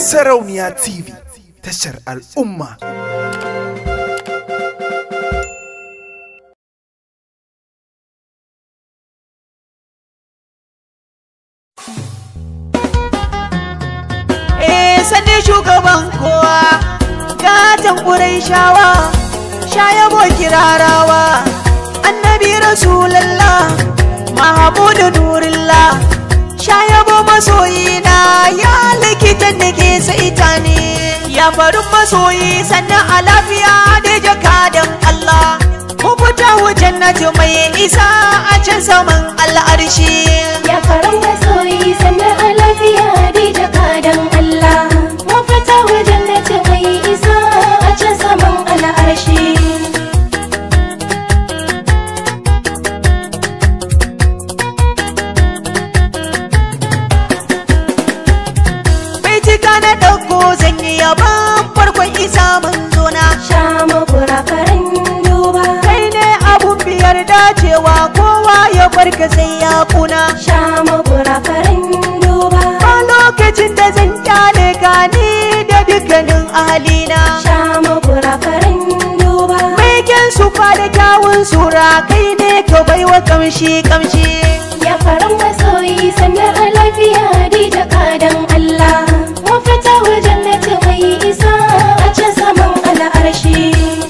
Sarauniya TV tashar al'umma. Eh sanin shugaban kowa gatan ƙurai shawa, shayabo kirarawa. lamarin masoyi sannan a lafiya da jakadan Allah ku fita wajen naji mai isa a can saman al'arshi ya faran masoyi sannan a cewa kowa ya barka sai ya kuna sha makura farin duba a lokacin da zan kyale gani da dukkanin ahalina sha makura farin duba mai su fa da kyawun sura kai ne ka baiwa kamshi kamshi ya farin masoyi sanya a lafiya da kadan Allah mafita wajen na mai isa a can saman al'arshi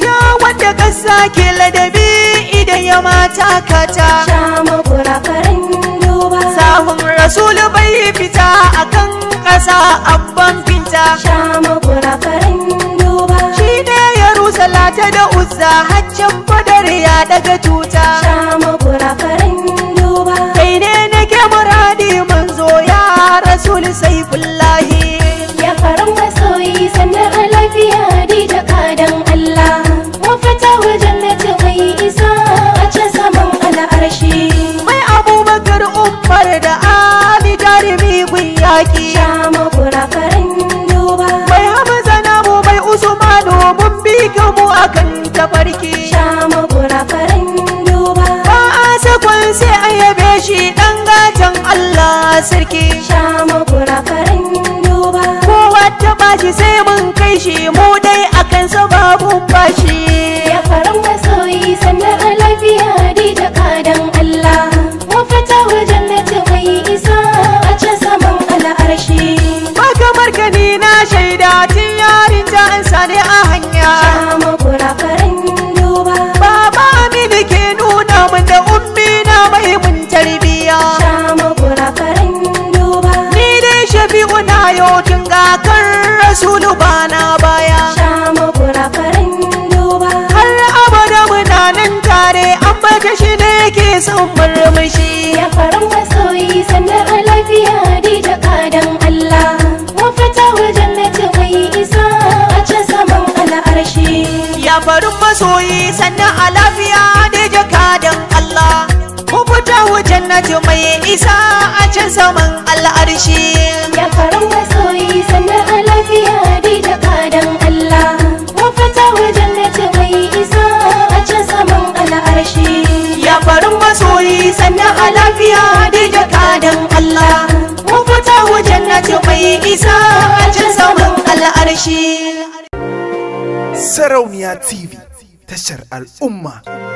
ya wanda kasa ke ladabi ya mata kata sha makura karen duba sahun rasulu bai fita akan kasa abban a ban makura karen duba shi ne ya rusa da uzza haccan fadar ya daga tuta baki sha makura karin duba mai hamza na mu mai usmanu mun bi mu akan tafarki sha makura farin duba ba a sakon sai an yabe shi ɗan gatan Allah sarki sha farin karin rasulu ba na baya sha makura farin duba har abada muna tare an bata ne ke son murmushi ya farin masoyi sannan a lafiya hadija kadan allah mafita wajen na mai isa a can saman al'arshi ya farin masoyi sannan a lafiya hadija kadan allah mafita wajen na mai isa a can saman lafiya da jaka Allah mu fita wajen na mai isa a can saman al'arshi sarauniya tv tashar al'umma